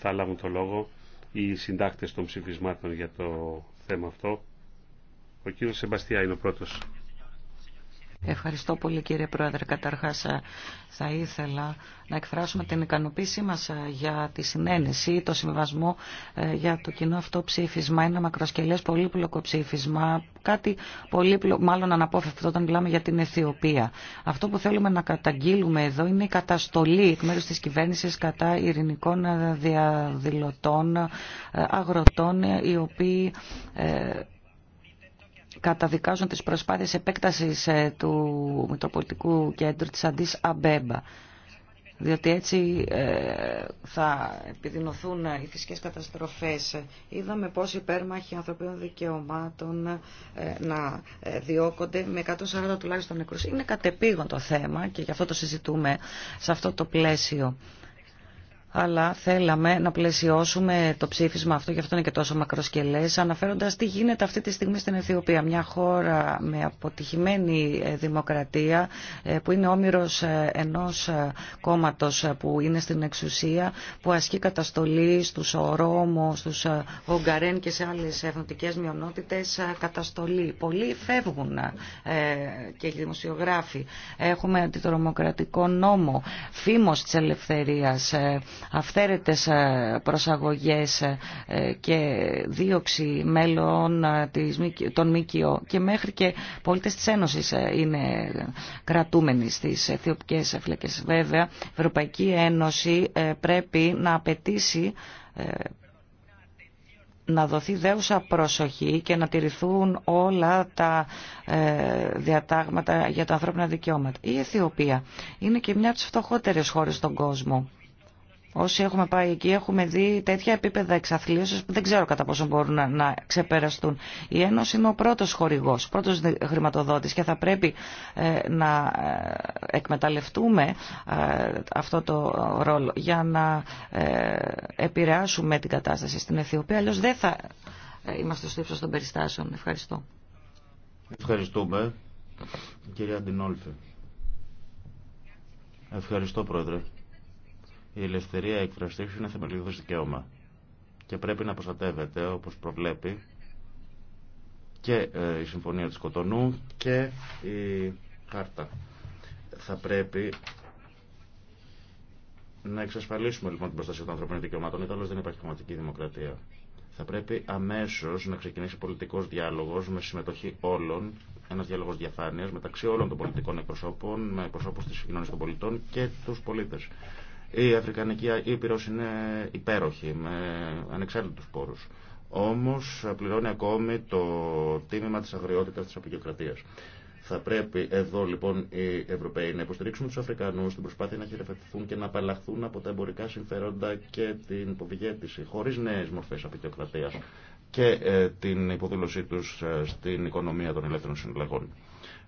θα λάβουν το λόγο οι συντάκτες των ψηφισμάτων για το θέμα αυτό. Ο κύριος Σεμπαστιά είναι ο πρώτος. Ευχαριστώ πολύ κύριε Πρόεδρε. Καταρχάς ε, θα ήθελα να εκφράσουμε την ικανοποίησή μας ε, για τη συνένεση, το συμβασμό ε, για το κοινό αυτό ψήφισμα. Είναι ένα μακροσκελές πολύπλοκο ψήφισμα, κάτι πολύπλοκο, μάλλον αναπόφευκτο όταν μιλάμε για την Αιθιοπία. Αυτό που θέλουμε να καταγγείλουμε εδώ είναι η καταστολή εκ μέρους της κυβέρνησης κατά ειρηνικών διαδηλωτών, αγροτών, οι οποίοι καταδικάζουν τις προσπάθειες επέκτασης ε, του Μητροπολιτικού Κέντρου της Αντίς Αμπέμπα διότι έτσι ε, θα επιδεινωθούν ε, οι φυσικές καταστροφές. Είδαμε πώς υπέρμαχοι ανθρωπίνων δικαιωμάτων να διώκονται με 140 τουλάχιστον νεκρούς. Είναι κατεπήγον το θέμα και γι' αυτό το συζητούμε σε αυτό το πλαίσιο αλλά θέλαμε να πλαισιώσουμε το ψήφισμα αυτό, γι' αυτό είναι και τόσο μακροσκελές, αναφέροντας τι γίνεται αυτή τη στιγμή στην Αιθιοπία. Μια χώρα με αποτυχημένη ε, δημοκρατία, ε, που είναι όμοιρος ε, ενός κόμματος που είναι στην εξουσία, που ασκεί καταστολή στους Ρώμου, στους Ογκαρέν και σε άλλες εθνοτικές μειονότητες καταστολή. Πολλοί φεύγουν και οι δημοσιογράφοι. Έχουμε αντιτρομοκρατικό νόμο, φήμος της ελευθερίας, αυθαίρετες ε, προσαγωγές ε, και δίωξη μέλων ε, των ΜΚΟ και μέχρι και πολίτες της Ένωσης είναι κρατούμενοι στις αιθιοπικές φυλακές. Βέβαια, η Ευρωπαϊκή Ένωση πρέπει να απαιτήσει να δοθεί δέουσα προσοχή και να τηρηθούν όλα τα διατάγματα για τα ανθρώπινα δικαιώματα. Η Αιθιοπία είναι και μια από τις φτωχότερες χώρες στον κόσμο. Όσοι έχουμε πάει εκεί έχουμε δει τέτοια επίπεδα εξαθλίωσης που δεν ξέρω κατά πόσο μπορούν να, να ξεπεραστούν. Η Ένωση είναι ο πρώτος χορηγός, ο πρώτος χρηματοδότης και θα πρέπει ε, να ε, εκμεταλλευτούμε ε, αυτό το ρόλο για να ε, επηρεάσουμε την κατάσταση στην Αιθιοπία. Αλλιώς δεν θα είμαστε στο ύψος των περιστάσεων. Ευχαριστώ. Ευχαριστούμε. Κυρία Αντινόλφη. Ευχαριστώ Πρόεδρε. Η ελευθερία εκφραστή είναι θεμελιώδες δικαίωμα και πρέπει να προστατεύεται όπως προβλέπει και ε, η Συμφωνία της Κοτονού και η Χάρτα. Θα πρέπει να εξασφαλίσουμε λοιπόν την προστασία των ανθρωπίνων δικαιωμάτων, είτε δεν υπάρχει κομματική δημοκρατία. Θα πρέπει αμέσως να ξεκινήσει πολιτικός διάλογος με συμμετοχή όλων, ένας διάλογος διαφάνεια μεταξύ όλων των πολιτικών εκπροσώπων, με εκπροσώπου τη κοινωνία των πολιτών και του πολίτε. Η Αφρικανική Ήπειρος είναι υπέροχη με ανεξάρτητους πόρους. Όμως πληρώνει ακόμη το τίμημα της αγριότητας της αποικιοκρατίας. Θα πρέπει εδώ λοιπόν οι Ευρωπαίοι να υποστηρίξουν του Αφρικανούς στην προσπάθεια να χειρεφετηθούν και να απαλλαχθούν από τα εμπορικά συμφέροντα και την υποβιέτηση χωρί νέε μορφέ αποικιοκρατίας και ε, την υποδήλωσή του ε, στην οικονομία των ελεύθερων συναλλαγών.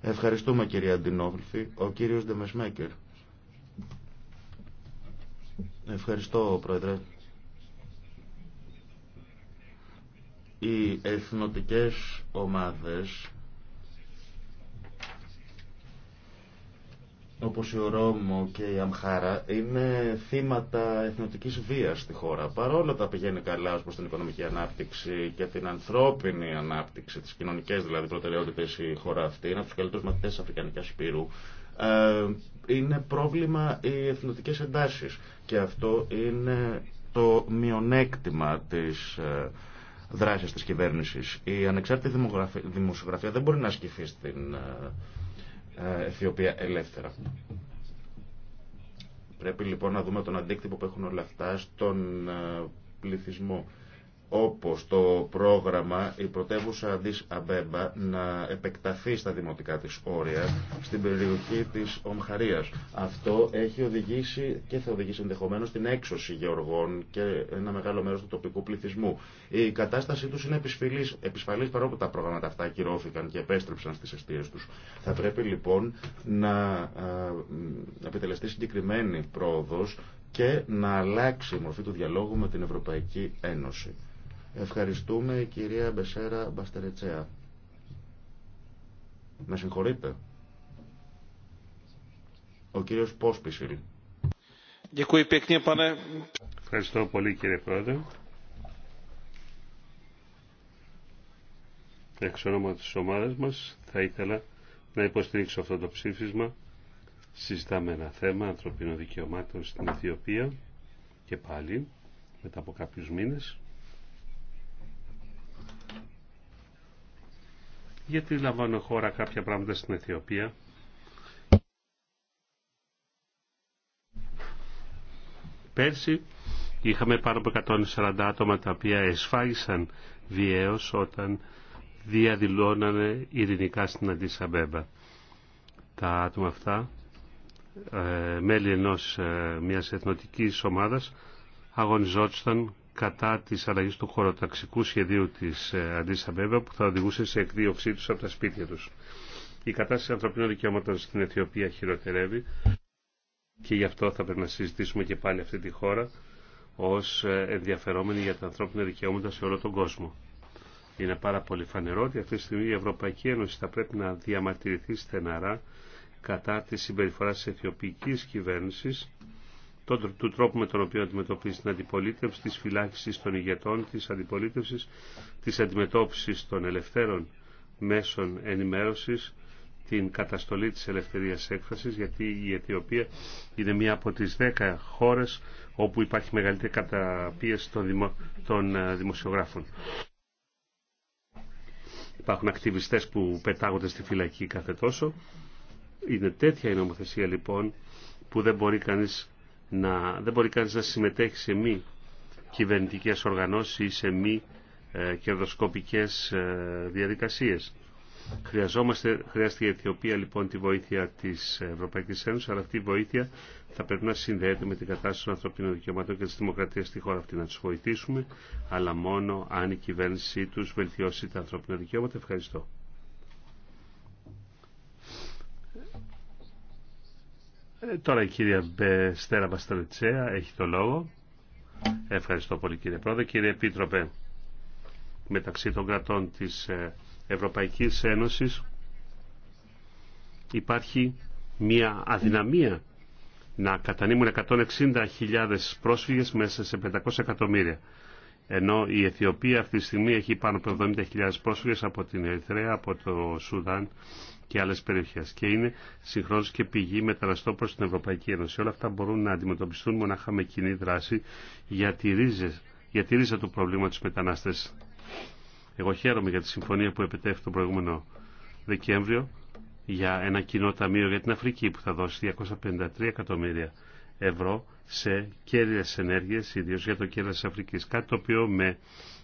Ευχαριστούμε κύριε Αντινόβλφη. Ο κύριος Ντεμεσμέκερ. Ευχαριστώ, Πρόεδρε. Οι εθνοτικές ομάδες όπως η Ρώμο και η Αμχάρα είναι θύματα εθνοτικής βίας στη χώρα. Παρόλο τα πηγαίνει καλά ως προς την οικονομική ανάπτυξη και την ανθρώπινη ανάπτυξη, τις κοινωνικές δηλαδή προτεραιότητες η χώρα αυτή, είναι από τους καλύτερους μαθητές της Αφρικανικής Ε, είναι πρόβλημα οι εθνοτικές εντάσεις και αυτό είναι το μειονέκτημα της ε, δράσης της κυβέρνησης. Η ανεξάρτητη δημοσιογραφία δεν μπορεί να ασκηθεί στην ε, ε, Αιθιοπία ελεύθερα. Πρέπει λοιπόν να δούμε τον αντίκτυπο που έχουν όλα αυτά στον πληθυσμό όπως το πρόγραμμα η πρωτεύουσα Αντίς Αμπέμπα να επεκταθεί στα δημοτικά της όρια στην περιοχή της Ομχαρίας. Αυτό έχει οδηγήσει και θα οδηγήσει ενδεχομένως την έξωση γεωργών και ένα μεγάλο μέρος του τοπικού πληθυσμού. Η κατάστασή τους είναι επισφαλής, επισφαλής παρόλο τα προγράμματα αυτά ακυρώθηκαν και επέστρεψαν στις αιστείες τους. Θα πρέπει λοιπόν να επιτελεστεί συγκεκριμένη πρόοδος και να αλλάξει η μορφή του διαλόγου με την Ευρωπαϊκή Ένωση. Ευχαριστούμε η κυρία Μπεσέρα Μπαστερετσέα. Με συγχωρείτε. Ο κύριος Πόσπισιλ. Ευχαριστώ πολύ κύριε Πρόεδρε. Εξ ονόμα της ομάδας μας θα ήθελα να υποστηρίξω αυτό το ψήφισμα. Συζητάμε ένα θέμα ανθρωπίνων δικαιωμάτων στην Αιθιοπία και πάλι μετά από κάποιους μήνες γιατί λαμβάνω χώρα κάποια πράγματα στην Αιθιοπία. Πέρσι είχαμε πάνω από 140 άτομα τα οποία εσφάγισαν βιαίως όταν διαδηλώνανε ειρηνικά στην Αντισαμπέμπα. Τα άτομα αυτά, ε, μέλη ενός ε, μιας εθνοτικής ομάδας, αγωνιζόντουσαν κατά της αλλαγής του χωροταξικού σχεδίου της ε, Αντίσα που θα οδηγούσε σε εκδίωξή τους από τα σπίτια τους. Η κατάσταση ανθρωπίνων δικαιωμάτων στην Αιθιοπία χειροτερεύει και γι' αυτό θα πρέπει να συζητήσουμε και πάλι αυτή τη χώρα ως ε, ενδιαφερόμενη για τα ανθρώπινα δικαιώματα σε όλο τον κόσμο. Είναι πάρα πολύ φανερό ότι αυτή τη στιγμή η Ευρωπαϊκή Ένωση θα πρέπει να διαμαρτυρηθεί στεναρά κατά τη συμπεριφορά της Αιθιοπική κυβέρνηση του τρόπου με τον οποίο αντιμετωπίζει την αντιπολίτευση, της φυλάξης των ηγετών, της αντιπολίτευσης, της αντιμετώπισης των ελευθέρων μέσων ενημέρωσης, την καταστολή της ελευθερίας έκφρασης, γιατί η Αιτιοπία είναι μία από τις δέκα χώρες όπου υπάρχει μεγαλύτερη καταπίεση των, δημο, των ε, δημοσιογράφων. Υπάρχουν ακτιβιστές που πετάγονται στη φυλακή κάθε τόσο. Είναι τέτοια η νομοθεσία λοιπόν που δεν μπορεί κανείς να, δεν μπορεί κανείς να συμμετέχει σε μη κυβερνητικές οργανώσεις ή σε μη ε, κερδοσκοπικές ε, διαδικασίες. Χρειαζόμαστε, χρειάζεται η Αιθιοπία λοιπόν τη βοήθεια της Ευρωπαϊκής Ένωσης, αλλά αυτή η βοήθεια θα πρέπει να συνδέεται με την κατάσταση των ανθρωπίνων δικαιωμάτων και της δημοκρατίας στη χώρα αυτή, να τους βοηθήσουμε, αλλά μόνο αν η κυβέρνησή τους βελτιώσει τα ανθρώπινα δικαιώματα. Ευχαριστώ. Ε, τώρα η κυρία Στέρα Μπαστρετσέα έχει το λόγο. Ευχαριστώ πολύ κύριε Πρόεδρε. Κύριε Επίτροπε, μεταξύ των κρατών της ε, Ευρωπαϊκής Ένωσης υπάρχει μια αδυναμία να κατανείμουν 160.000 πρόσφυγες μέσα σε 500 εκατομμύρια. Ενώ η Αιθιοπία αυτή τη στιγμή έχει πάνω από 70.000 πρόσφυγες από την Ερυθρέα, από το Σουδάν και άλλες περιοχές και είναι συγχρόνως και πηγή μεταναστών προς την Ευρωπαϊκή Ένωση. Όλα αυτά μπορούν να αντιμετωπιστούν μονάχα με κοινή δράση για τη, για τη ρίζα του προβλήματος μετανάστες. Εγώ χαίρομαι για τη συμφωνία που επιτέφθη τον προηγούμενο Δεκέμβριο για ένα κοινό ταμείο για την Αφρική που θα δώσει 253 εκατομμύρια ευρώ σε κέρδε ενέργειες, ιδίω για το κέρδο τη Αφρική, Κάτι το οποίο με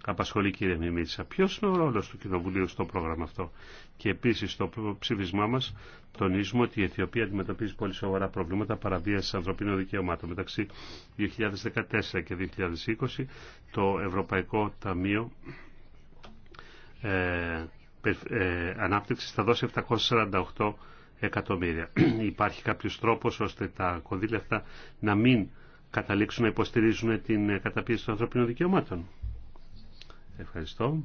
απασχολεί κύριε Μιμίτσα. Ποιο είναι ο ρόλο του Κοινοβουλίου στο πρόγραμμα αυτό. Και επίσης στο ψήφισμά μας τονίζουμε ότι η Αιθιοπία αντιμετωπίζει πολύ σοβαρά προβλήματα παραβίαση ανθρωπίνων δικαιωμάτων. Μεταξύ 2014 και 2020 το Ευρωπαϊκό Ταμείο ε, ε, ε θα δώσει 748 εκατομμύρια. Υπάρχει κάποιος τρόπος ώστε τα κονδύλια αυτά να μην καταλήξουν να υποστηρίζουν την ε, καταπίεση των ανθρωπίνων δικαιωμάτων. Ευχαριστώ.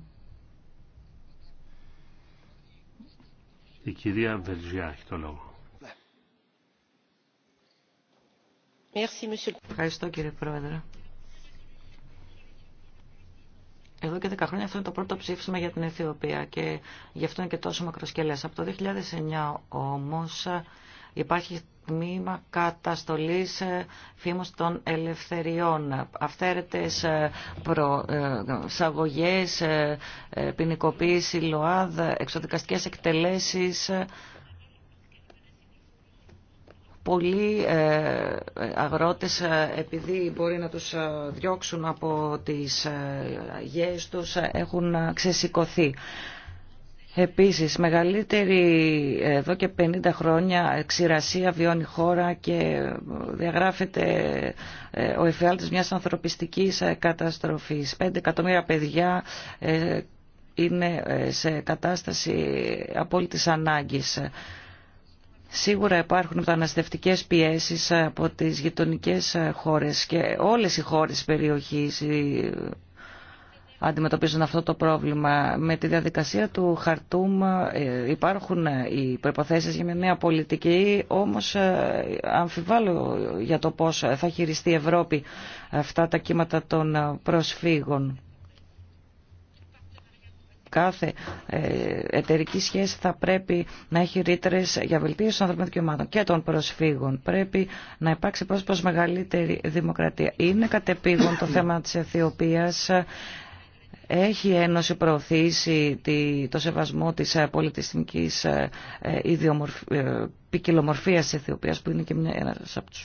Η κυρία Βελζιά έχει το λόγο. Ευχαριστώ κύριε Πρόεδρε. Εδώ και 10 χρόνια αυτό είναι το πρώτο ψήφισμα για την Αιθιοπία και γι' αυτό είναι και τόσο μακροσκελές. Από το 2009 όμως υπάρχει τμήμα καταστολής ε, φήμος των ελευθεριών, αυθαίρετες ε, προσαγωγές, ε, ποινικοποίηση ΛΟΑΔ, εξοδικαστικές εκτελέσεις πολλοί ε, αγρότες ε, επειδή μπορεί να τους ε, διώξουν από τις γέες τους έχουν ξεσηκωθεί. Επίσης, μεγαλύτερη εδώ και 50 χρόνια ξηρασία βιώνει η χώρα και διαγράφεται ο εφιάλτης μιας ανθρωπιστικής καταστροφής. 5 εκατομμύρια παιδιά είναι σε κατάσταση απόλυτης ανάγκης. Σίγουρα υπάρχουν μεταναστευτικές πιέσεις από τις γειτονικές χώρες και όλες οι χώρες περιοχής ε, αντιμετωπίζουν αυτό το πρόβλημα. Με τη διαδικασία του Χαρτούμ ε, υπάρχουν ε, οι προϋποθέσεις για μια νέα πολιτική, όμως αμφιβάλλω για το πώς θα χειριστεί η Ευρώπη αυτά τα κύματα των προσφύγων κάθε ε, εταιρική σχέση θα πρέπει να έχει ρήτρε για βελτίωση των ανθρωπίνων δικαιωμάτων και των προσφύγων. Πρέπει να υπάρξει πρόσωπο μεγαλύτερη δημοκρατία. Είναι κατεπήγον το θέμα τη Αιθιοπία. Έχει η Ένωση προωθήσει το σεβασμό της ε, πολιτιστικής ε, ποικιλομορφία της Αιθιοπία, που είναι και μια, ένας από του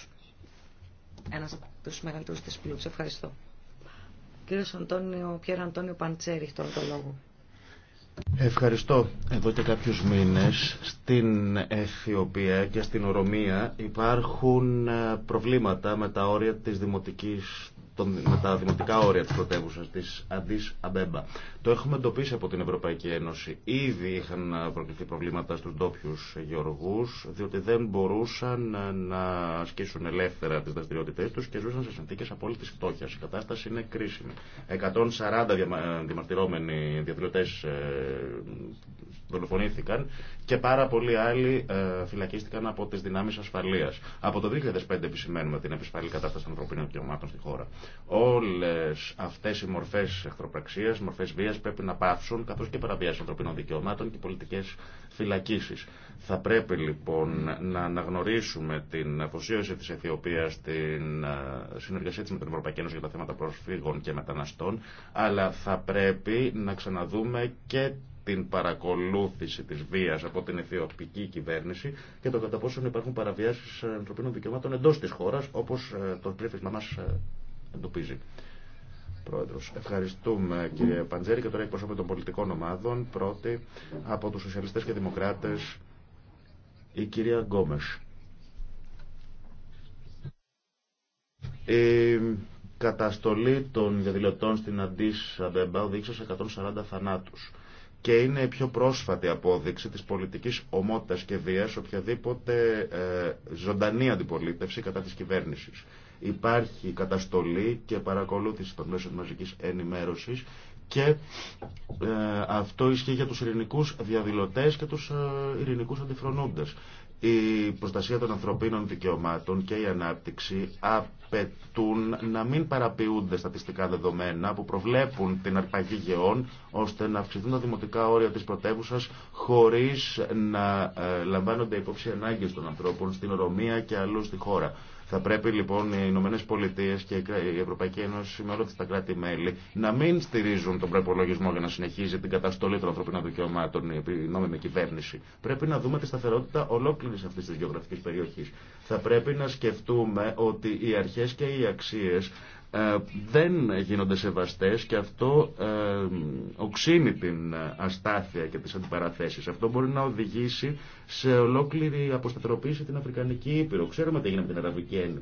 μεγαλύτερου από του μεγαλύτερους της Ευχαριστώ. Κύριος Αντώνιο, Πιέρα Αντώνιο Παντσέρη, τώρα το λόγο. Ευχαριστώ. Εδώ και κάποιους μήνες στην Αιθιοπία και στην Ορομία υπάρχουν ε, προβλήματα με τα όρια της δημοτικής με τα δημοτικά όρια της πρωτεύουσα της Αντίς Αμπέμπα. Το έχουμε εντοπίσει από την Ευρωπαϊκή Ένωση. Ήδη είχαν προκληθεί προβλήματα στους ντόπιου γεωργούς, διότι δεν μπορούσαν να ασκήσουν ελεύθερα τις δραστηριότητές τους και ζούσαν σε συνθήκες απόλυτης φτώχειας. Η κατάσταση είναι κρίσιμη. 140 διαμαρτυρώμενοι ε, διαδηλωτές ε, δολοφονήθηκαν και πάρα πολλοί άλλοι ε, φυλακίστηκαν από τι δυνάμει ασφαλεία. Από το 2005 επισημαίνουμε την επισφαλή κατάσταση των ανθρωπίνων δικαιωμάτων στη χώρα. Όλε αυτέ οι μορφέ εχθροπραξία, μορφέ βία πρέπει να πάυσουν, καθώ και παραβιάσει ανθρωπίνων δικαιωμάτων και πολιτικέ φυλακίσει. Θα πρέπει λοιπόν να αναγνωρίσουμε την αφοσίωση τη Αιθιοπία στην ε, συνεργασία τη με την Ευρωπαϊκή Ένωση για τα θέματα προσφύγων και μεταναστών, αλλά θα πρέπει να ξαναδούμε και την παρακολούθηση τη βία από την αιθιοπική κυβέρνηση και το κατά πόσο υπάρχουν παραβιάσεις ανθρωπίνων δικαιωμάτων εντός της χώρας όπως ε, το πλήθυσμα μας ε, εντοπίζει. Πρόεδρος. Ευχαριστούμε κύριε Παντζέρη και τώρα εκπροσώπη των πολιτικών ομάδων πρώτη από τους Σοσιαλιστές και Δημοκράτες η κυρία Γκόμες. Η καταστολή των διαδηλωτών στην Αντίς Αμπέμπα οδήγησε σε 140 θανάτους και είναι η πιο πρόσφατη απόδειξη της πολιτικής ομότητας και βίας οποιαδήποτε ε, ζωντανή αντιπολίτευση κατά της κυβέρνησης. Υπάρχει καταστολή και παρακολούθηση των μέσων μαζικής ενημέρωσης και ε, αυτό ισχύει για τους ειρηνικούς διαδηλωτές και τους ε, ειρηνικούς αντιφρονούντες. Η προστασία των ανθρωπίνων δικαιωμάτων και η ανάπτυξη απαιτούν να μην παραποιούνται στατιστικά δεδομένα που προβλέπουν την αρπαγή γεών ώστε να αυξηθούν τα δημοτικά όρια της πρωτεύουσα χωρίς να ε, λαμβάνονται υπόψη ανάγκες των ανθρώπων στην Ρωμία και αλλού στη χώρα. Θα πρέπει λοιπόν οι Ηνωμένε Πολιτείε και η Ευρωπαϊκή Ένωση με όλα τα κράτη-μέλη να μην στηρίζουν τον προπολογισμό για να συνεχίζει την καταστολή των ανθρωπίνων δικαιωμάτων η νόμιμη κυβέρνηση. Πρέπει να δούμε τη σταθερότητα ολόκληρη αυτή τη γεωγραφική περιοχή. Θα πρέπει να σκεφτούμε ότι οι αρχέ και οι αξίε ε, δεν γίνονται σεβαστές και αυτό ε, οξύνει την αστάθεια και τις αντιπαραθέσεις. Αυτό μπορεί να οδηγήσει σε ολόκληρη αποσταθεροποίηση την Αφρικανική Ήπειρο. Ξέρουμε τι έγινε με την Αραβική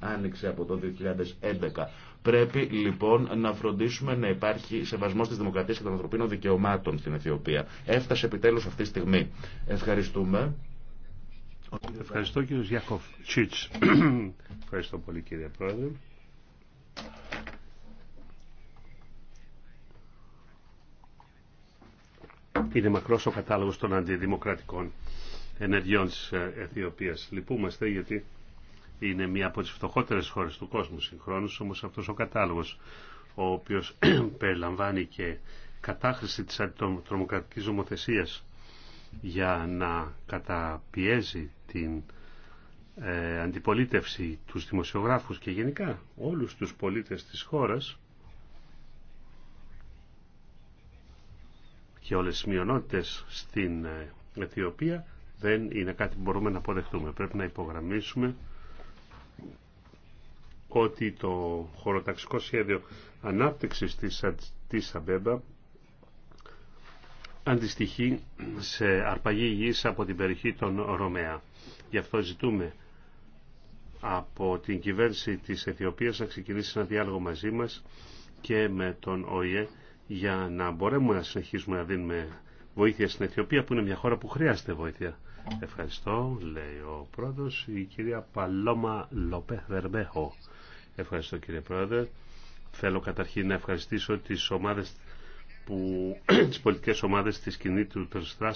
Άνοιξε από το 2011. Πρέπει λοιπόν να φροντίσουμε να υπάρχει σεβασμός της δημοκρατίας και των ανθρωπίνων δικαιωμάτων στην Αιθιοπία. Έφτασε επιτέλους αυτή τη στιγμή. Ευχαριστούμε. Ευχαριστώ κύριο Γιακόφ Τσίτς. Ευχαριστώ πολύ κύριε Πρόεδρε. είναι μακρός ο κατάλογος των αντιδημοκρατικών ενεργειών της ε, Αιθιοπία. Λυπούμαστε γιατί είναι μία από τις φτωχότερες χώρες του κόσμου συγχρόνως, όμως αυτός ο κατάλογος, ο οποίο περιλαμβάνει και κατάχρηση της αντιτρομοκρατική ομοθεσίας για να καταπιέζει την ε, αντιπολίτευση, τους δημοσιογράφους και γενικά όλους τους πολίτες της χώρας και όλες τις μειονότητες στην ε, Αιθιοπία δεν είναι κάτι που μπορούμε να αποδεχτούμε. Πρέπει να υπογραμμίσουμε ότι το χωροταξικό σχέδιο ανάπτυξης της, της Αμπέμπα αντιστοιχεί σε αρπαγή γης από την περιοχή των Ρωμαία. Γι' αυτό ζητούμε από την κυβέρνηση της Αιθιοπίας να ξεκινήσει ένα διάλογο μαζί μας και με τον ΟΗΕ για να μπορέσουμε να συνεχίσουμε να δίνουμε βοήθεια στην Αιθιοπία που είναι μια χώρα που χρειάζεται βοήθεια. Ευχαριστώ, λέει ο πρόεδρος, η κυρία Παλώμα Λοπέ Βερμπέχο. Ευχαριστώ κύριε πρόεδρε. Θέλω καταρχήν να ευχαριστήσω τις ομάδες που, τις πολιτικές ομάδες της κοινή του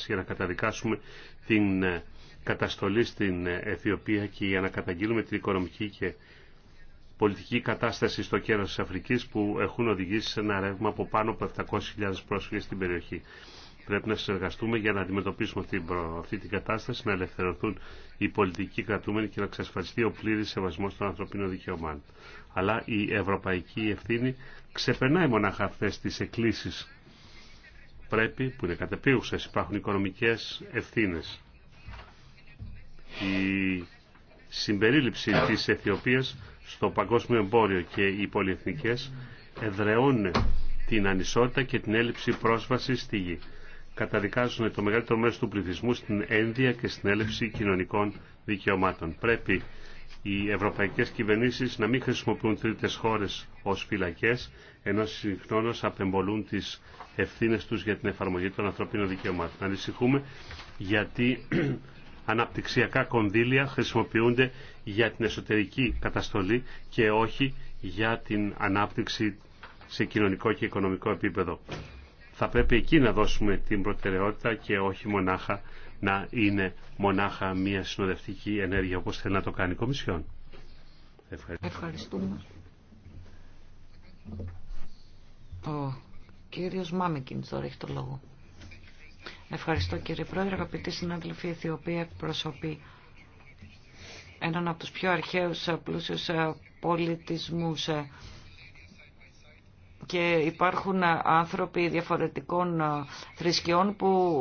για να καταδικάσουμε την ε, καταστολή στην ε, Αιθιοπία και για να καταγγείλουμε την οικονομική και πολιτική κατάσταση στο κέντρο της Αφρικής που έχουν οδηγήσει σε ένα ρεύμα από πάνω από 700.000 πρόσφυγες στην περιοχή. Πρέπει να συνεργαστούμε για να αντιμετωπίσουμε αυτή, αυτή την κατάσταση, να ελευθερωθούν οι πολιτικοί κρατούμενοι και να εξασφαλιστεί ο πλήρη σεβασμό των ανθρωπίνων δικαιωμάτων. Αλλά η ευρωπαϊκή ευθύνη ξεπερνάει μονάχα αυτέ τι εκκλήσει. Πρέπει, που είναι κατεπίγουσε, υπάρχουν οικονομικέ ευθύνε. Η συμπερίληψη τη Αιθιοπίας στο παγκόσμιο εμπόριο και οι πολυεθνικές εδρεώνουν την ανισότητα και την έλλειψη πρόσβασης στη γη. Καταδικάζουν το μεγαλύτερο μέρος του πληθυσμού στην ένδια και στην έλλειψη κοινωνικών δικαιωμάτων. Πρέπει οι ευρωπαϊκές κυβερνήσεις να μην χρησιμοποιούν τρίτες χώρες ως φυλακές, ενώ συγχρόνως απεμπολούν τις ευθύνες τους για την εφαρμογή των ανθρωπίνων δικαιωμάτων. Ανησυχούμε γιατί αναπτυξιακά κονδύλια χρησιμοποιούνται για την εσωτερική καταστολή και όχι για την ανάπτυξη σε κοινωνικό και οικονομικό επίπεδο. Θα πρέπει εκεί να δώσουμε την προτεραιότητα και όχι μονάχα να είναι μονάχα μια συνοδευτική ενέργεια όπως θέλει να το κάνει η Κομισιόν. Ευχαριστούμε. Ο κύριος τώρα έχει το λόγο. Ευχαριστώ κύριε Πρόεδρε, αγαπητοί συνάδελφοι, η Αιθιοπία εκπροσωπή έναν από τους πιο αρχαίους ε, πλούσιους ε, πολιτισμούς ε. και υπάρχουν άνθρωποι διαφορετικών θρησκειών που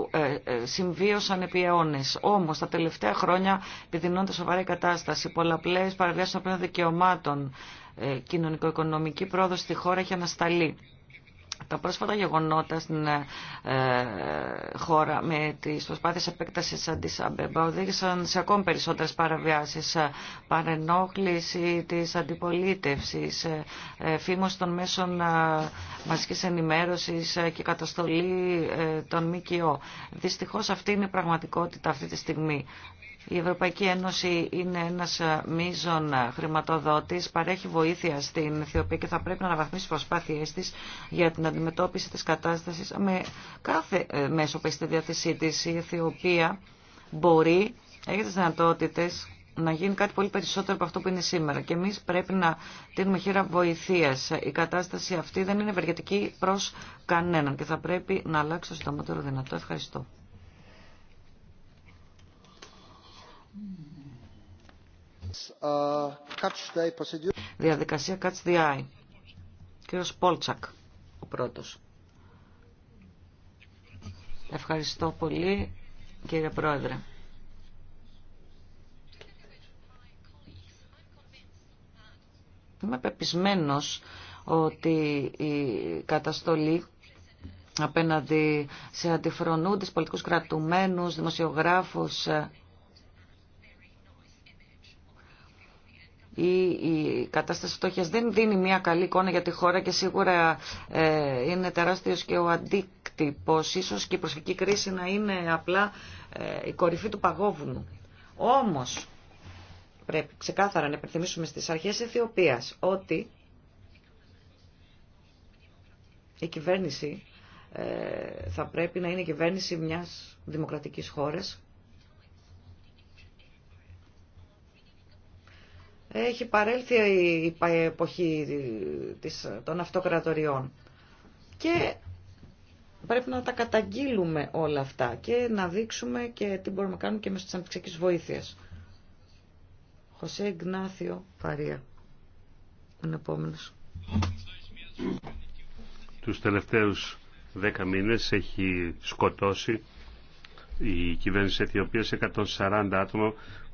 συμβίωσαν επί αιώνες. Όμως τα τελευταία χρόνια επιδεινώνεται σοβαρή κατάσταση, πολλαπλές παραβιάσεις των δικαιωμάτων, κοινωνικο-οικονομική πρόοδος στη χώρα έχει ανασταλεί τα πρόσφατα γεγονότα στην ε, ε, χώρα με τις προσπάθειες επέκτασης της Αντισαμπέμπα οδήγησαν σε ακόμη περισσότερες παραβιάσεις, ε, παρενόχληση της αντιπολίτευσης, ε, φήμωση των μέσων ε, μαζικής ενημέρωσης και καταστολή των ΜΚΟ. Δυστυχώς αυτή είναι η πραγματικότητα αυτή τη στιγμή. Η Ευρωπαϊκή Ένωση είναι ένας ε, μείζον ε, χρηματοδότης, παρέχει βοήθεια στην Αιθιοπία και θα πρέπει να αναβαθμίσει τις προσπάθειές της για την αντιμετώπιση της κατάστασης με κάθε ε, μέσο που έχει στη διάθεσή της. Η Αιθιοπία μπορεί, έχει τις δυνατότητες να γίνει κάτι πολύ περισσότερο από αυτό που είναι σήμερα. Και εμεί πρέπει να δίνουμε χείρα βοηθεία. Η κατάσταση αυτή δεν είναι ευεργετική προ κανέναν και θα πρέπει να αλλάξει το συντομότερο δυνατό. Ευχαριστώ. Διαδικασία Catch the Eye. Κύριος Πόλτσακ, ο πρώτος. Ευχαριστώ πολύ, κύριε Πρόεδρε. Είμαι πεπισμένος ότι η καταστολή απέναντι σε αντιφρονούντες πολιτικούς κρατουμένους, δημοσιογράφους, η κατάσταση φτώχεια δεν δίνει μια καλή εικόνα για τη χώρα και σίγουρα ε, είναι τεράστιος και ο αντίκτυπος. Ίσως και η προσφυγική κρίση να είναι απλά ε, η κορυφή του παγόβουνου. Όμως πρέπει ξεκάθαρα να υπενθυμίσουμε στις αρχές Αιθιοπίας ότι η κυβέρνηση ε, θα πρέπει να είναι η κυβέρνηση μιας δημοκρατικής χώρας έχει παρέλθει η εποχή των αυτοκρατοριών. Και πρέπει να τα καταγγείλουμε όλα αυτά και να δείξουμε και τι μπορούμε να κάνουμε και μέσω της αναπτυξιακής βοήθειας. Χωσέ Γνάθιο Φαρία. Ο επόμενος. Τους τελευταίους δέκα μήνες έχει σκοτώσει η κυβέρνηση Αιθιοπίας 140 άτομα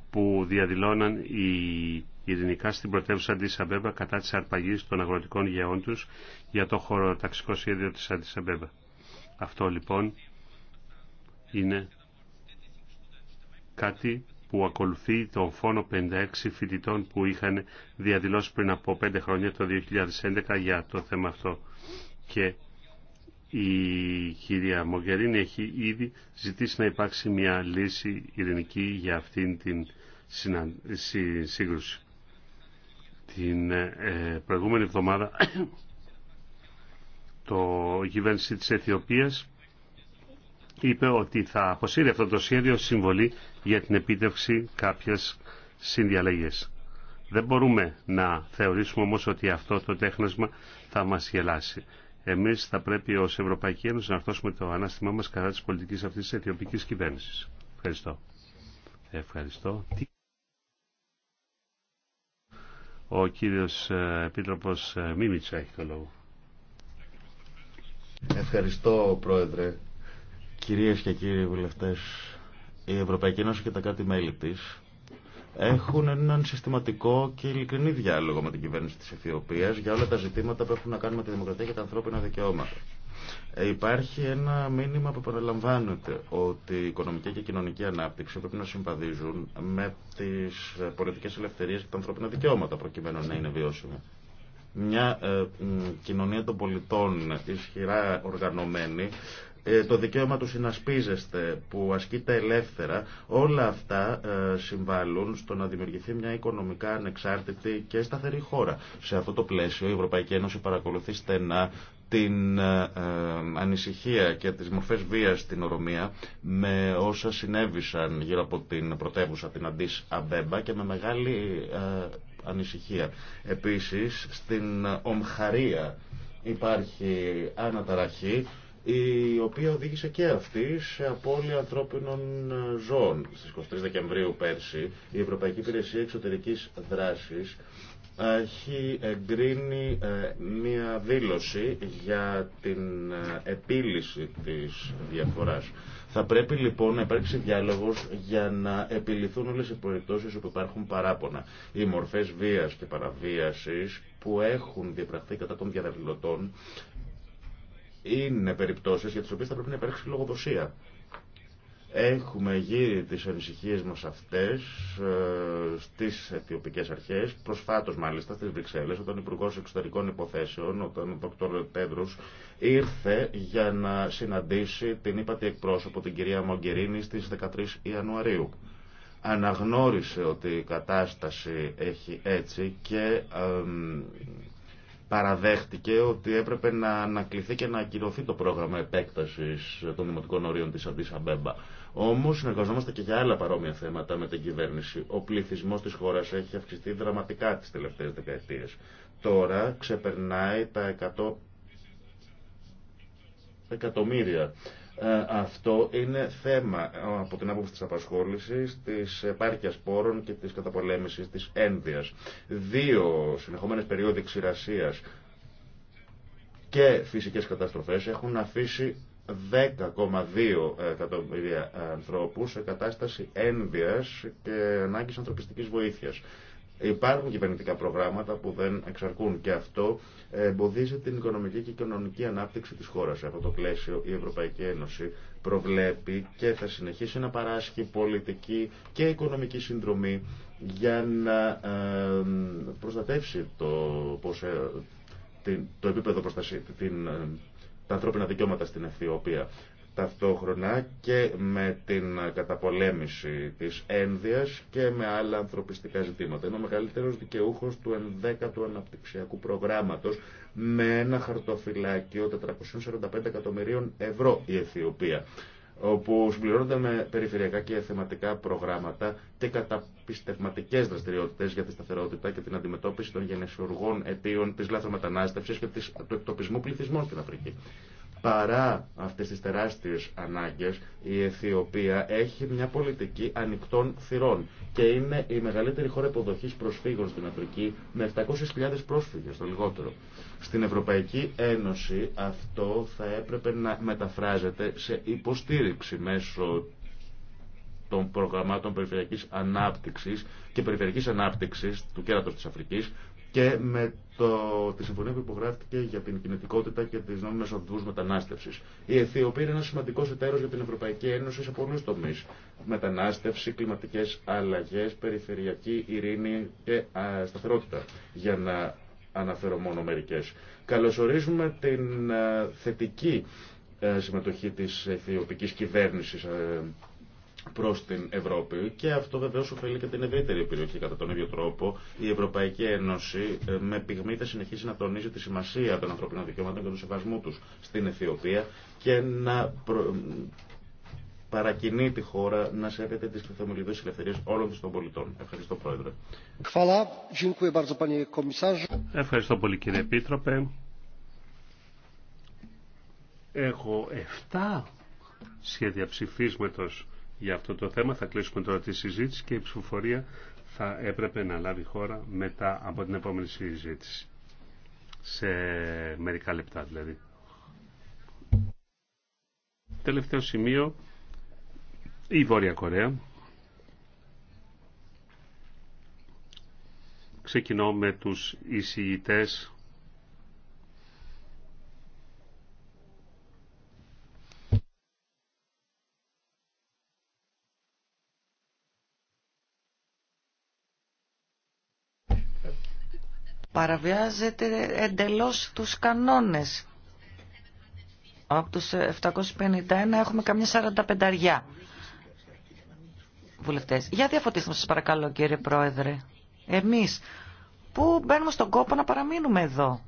που διαδηλώναν η ειρηνικά στην πρωτεύουσα Αντισαμπέμπα κατά της αρπαγής των αγροτικών γεών τους για το χωροταξικό σχέδιο της Αντισαμπέμπα. Αυτό λοιπόν είναι κάτι που ακολουθεί τον φόνο 56 φοιτητών που είχαν διαδηλώσει πριν από 5 χρόνια το 2011 για το θέμα αυτό. Και η κυρία Μογκερίνη έχει ήδη ζητήσει να υπάρξει μια λύση ειρηνική για αυτήν την σύγκρουση. Την ε, προηγούμενη εβδομάδα το κυβέρνηση της Αιθιοπίας είπε ότι θα αποσύρει αυτό το σχέδιο συμβολή για την επίτευξη κάποιες συνδιαλέγειες. Δεν μπορούμε να θεωρήσουμε όμως ότι αυτό το τέχνασμα θα μας γελάσει. Εμείς θα πρέπει ως Ευρωπαϊκή Ένωση να αρθώσουμε το ανάστημά μας κατά της πολιτικής αυτής της αιθιοπικής κυβέρνησης. Ευχαριστώ. Ο κύριος ε, Επίτροπος ε, Μίμητσα έχει το λόγο. Ευχαριστώ Πρόεδρε. Κυρίες και κύριοι βουλευτές, η Ευρωπαϊκή Ένωση και τα κάτι μέλη της έχουν έναν συστηματικό και ειλικρινή διάλογο με την κυβέρνηση της Αιθιοπίας για όλα τα ζητήματα που έχουν να κάνουν με τη δημοκρατία και τα ανθρώπινα δικαιώματα. Ε, υπάρχει ένα μήνυμα που παραλαμβάνεται ότι η οικονομική και η κοινωνική ανάπτυξη πρέπει να συμβαδίζουν με τι ε, πολιτικέ ελευθερίε και τα ανθρώπινα δικαιώματα προκειμένου να είναι βιώσιμη. Μια ε, κοινωνία των πολιτών ισχυρά οργανωμένη το δικαίωμα του συνασπίζεστε, που ασκείται ελεύθερα, όλα αυτά συμβάλλουν στο να δημιουργηθεί μια οικονομικά ανεξάρτητη και σταθερή χώρα. Σε αυτό το πλαίσιο η Ευρωπαϊκή Ένωση παρακολουθεί στενά την ε, ε, ανησυχία και τις μορφές βίας στην Ορομία με όσα συνέβησαν γύρω από την πρωτεύουσα, την Αντίς Αμπέμπα και με μεγάλη ε, ανησυχία. Επίσης, στην Ομχαρία υπάρχει αναταραχή η οποία οδήγησε και αυτή σε απώλεια ανθρώπινων ζώων. Στις 23 Δεκεμβρίου πέρσι η Ευρωπαϊκή Υπηρεσία Εξωτερικής Δράσης έχει εγκρίνει ε, μία δήλωση για την ε, επίλυση της διαφοράς. Θα πρέπει λοιπόν να υπάρξει διάλογος για να επιληθούν όλες οι περιπτώσεις όπου υπάρχουν παράπονα. Οι μορφές βίας και παραβίασης που έχουν διαπραχθεί κατά των διαδηλωτών είναι περιπτώσεις για τις οποίες θα πρέπει να υπάρξει λογοδοσία. Έχουμε γύρει τις ανησυχίε μας αυτές ε, στις αιθιοπικές αρχές, προσφάτως μάλιστα στις Βρυξέλλες, όταν ο Υπουργό Εξωτερικών Υποθέσεων, όταν ο Δ. Τέντρος, ήρθε για να συναντήσει την ύπατη εκπρόσωπο, την κυρία Μογκερίνη, στις 13 Ιανουαρίου. Αναγνώρισε ότι η κατάσταση έχει έτσι και παραδέχτηκε ότι έπρεπε να ανακληθεί και να ακυρωθεί το πρόγραμμα επέκτασης των δημοτικών ορίων της Αντίσα Μπέμπα. Όμως συνεργαζόμαστε και για άλλα παρόμοια θέματα με την κυβέρνηση. Ο πληθυσμός της χώρας έχει αυξηθεί δραματικά τις τελευταίες δεκαετίες. Τώρα ξεπερνάει τα 100 εκατομμύρια ε, αυτό είναι θέμα ε, από την άποψη της απασχόλησης, της ε, επάρκειας πόρων και της καταπολέμησης της ένδυας. Δύο συνεχόμενες περίοδοι ξηρασίας και φυσικές καταστροφές έχουν αφήσει 10,2 εκατομμύρια ανθρώπους σε κατάσταση ένδυας και ανάγκης ανθρωπιστικής βοήθειας. Υπάρχουν κυβερνητικά προγράμματα που δεν εξαρκούν και αυτό εμποδίζει την οικονομική και κοινωνική ανάπτυξη της χώρας. Σε αυτό το πλαίσιο η Ευρωπαϊκή Ένωση προβλέπει και θα συνεχίσει να παράσχει πολιτική και οικονομική συνδρομή για να προστατεύσει το, πώς, το επίπεδο προστασίας την, τα ανθρώπινα δικαιώματα στην Αιθιοπία ταυτόχρονα και με την καταπολέμηση της ένδυας και με άλλα ανθρωπιστικά ζητήματα. Είναι ο μεγαλύτερος δικαιούχος του 11ου Αναπτυξιακού Προγράμματος με ένα χαρτοφυλάκιο 445 εκατομμυρίων ευρώ η Αιθιοπία όπου συμπληρώνονται με περιφερειακά και θεματικά προγράμματα και καταπιστευματικές δραστηριότητε για τη σταθερότητα και την αντιμετώπιση των γενεσιουργών αιτίων τη λάθρομετανάστευση και του εκτοπισμού πληθυσμών στην Αφρική. Παρά αυτές τις τεράστιες ανάγκες, η Αιθιοπία έχει μια πολιτική ανοιχτών θυρών και είναι η μεγαλύτερη χώρα υποδοχής προσφύγων στην Αφρική με 700.000 πρόσφυγες το λιγότερο. Στην Ευρωπαϊκή Ένωση αυτό θα έπρεπε να μεταφράζεται σε υποστήριξη μέσω των προγραμμάτων περιφερειακής ανάπτυξης και περιφερειακής ανάπτυξης του κέρατος της Αφρικής και με το, τη συμφωνία που υπογράφηκε για την κινητικότητα και τι νόμιμε οδού μετανάστευση. Η Αιθιοπία είναι ένα σημαντικό εταίρο για την Ευρωπαϊκή Ένωση σε πολλού τομεί. Μετανάστευση, κλιματικέ αλλαγέ, περιφερειακή ειρήνη και σταθερότητα. Για να αναφέρω μόνο μερικέ. Καλωσορίζουμε την θετική συμμετοχή της αιθιοπικής κυβέρνησης προ την Ευρώπη και αυτό βεβαίω ωφελεί και την ευρύτερη περιοχή. Κατά τον ίδιο τρόπο, η Ευρωπαϊκή Ένωση ε, με πυγμή θα συνεχίσει να τονίζει τη σημασία των ανθρωπίνων δικαιωμάτων και του σεβασμού του στην Αιθιοπία και να προ... παρακινεί τη χώρα να σέβεται τι θεμελιωδεί ελευθερίε όλων των πολιτών. Ευχαριστώ, Πρόεδρε. Ευχαριστώ πολύ, κύριε Επίτροπε. Έχω 7 σχέδια ψηφίσματος για αυτό το θέμα. Θα κλείσουμε τώρα τη συζήτηση και η ψηφοφορία θα έπρεπε να λάβει χώρα μετά από την επόμενη συζήτηση. Σε μερικά λεπτά δηλαδή. Τελευταίο σημείο, η Βόρεια Κορέα. Ξεκινώ με τους εισηγητές παραβιάζεται εντελώς τους κανόνες. Από τους 751 έχουμε καμιά 45 αριά βουλευτές. Για διαφωτίστε μας σας παρακαλώ κύριε Πρόεδρε. Εμείς που μπαίνουμε στον κόπο να παραμείνουμε εδώ.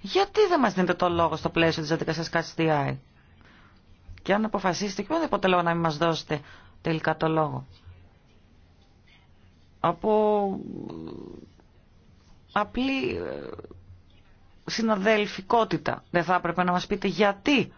Γιατί δεν μας δίνετε το λόγο στο πλαίσιο της διαδικασίας ΚΑΣΤΙΑΗ. Και αν αποφασίσετε, και δεν ποτέ να μην μας δώσετε τελικά το λόγο από απλή ε, συναδελφικότητα. Δεν θα έπρεπε να μας πείτε γιατί